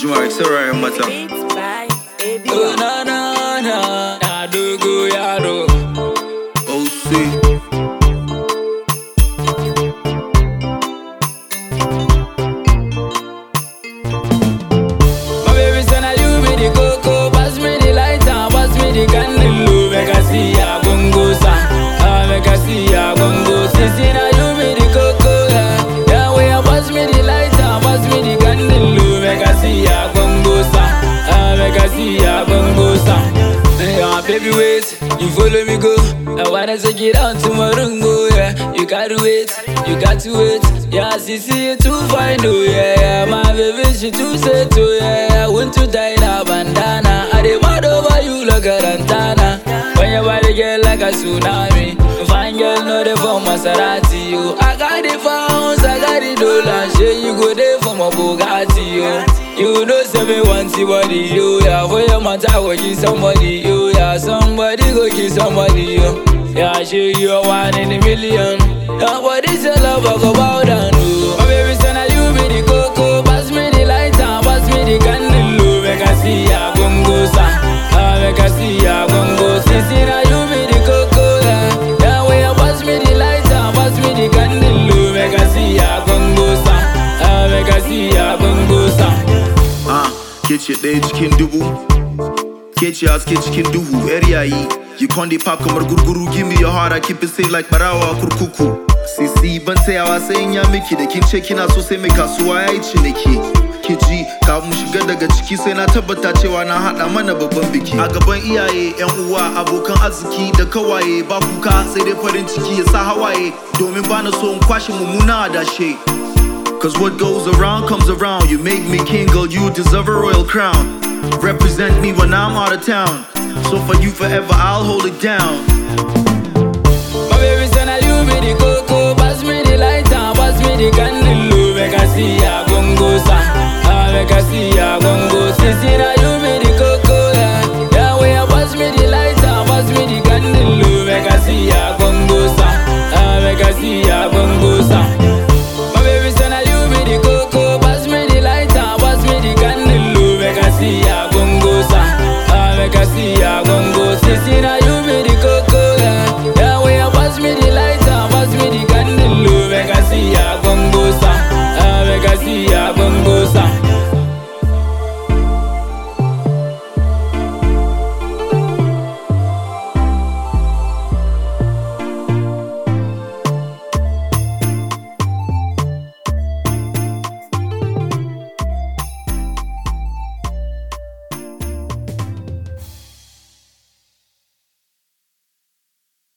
Jumarek, c'est rien, matin. baby wait. you follow me go. I wanna take it out to my room, go, yeah. You gotta wait, you got to wait. Yeah, see, see you too fine, oh, yeah, yeah. My baby, she too set, oh, yeah. I want to die in a bandana. I demand over you like a rantana. When your body get like a tsunami. Fine girl, no, they for Maserati, Oh, I got the pounds, I got the dollars, yeah. You go there for my Bugatti, yo. You know, say me want somebody, Oh, Yeah, for your matter, I will give somebody, you. Cause somebody go kill somebody, yo. Yeah, she show you one in a million. Nobody's a lover, go bow down, no. My baby son, I you be the cocoa. Pass me the light and pass me the candle, oh. Make I see ya, gongo, son. Ah, make I see ya, gongo. Sissy, now you be the cocoa, yeah. when way, pass me the light and pass me the candle, oh. Make I see ya, gongo, son. Ah, make I see ya, gongo, son. Ah, get your legs, can do. Catch ass, catch can do who area yi. You can't de pop kamar gurguru, give me your heart, I keep it safe like barawa kurkuku. Sisi ban tsayawa sai in ya miki da kin ce kina so sai mai kasuwa ya yi ciniki. Ki ka mu shiga daga ciki sai na tabbata cewa na haɗa mana babban biki. A gaban iyaye, yan uwa, abokan arziki da kawaye ba kuka sai dai farin ciki ya sa hawaye domin bana so in kwashe mummuna a dashe. Cause what goes around comes around, you make me king, girl, you deserve a royal crown. Represent me when I'm out of town. So for you forever, I'll hold it down.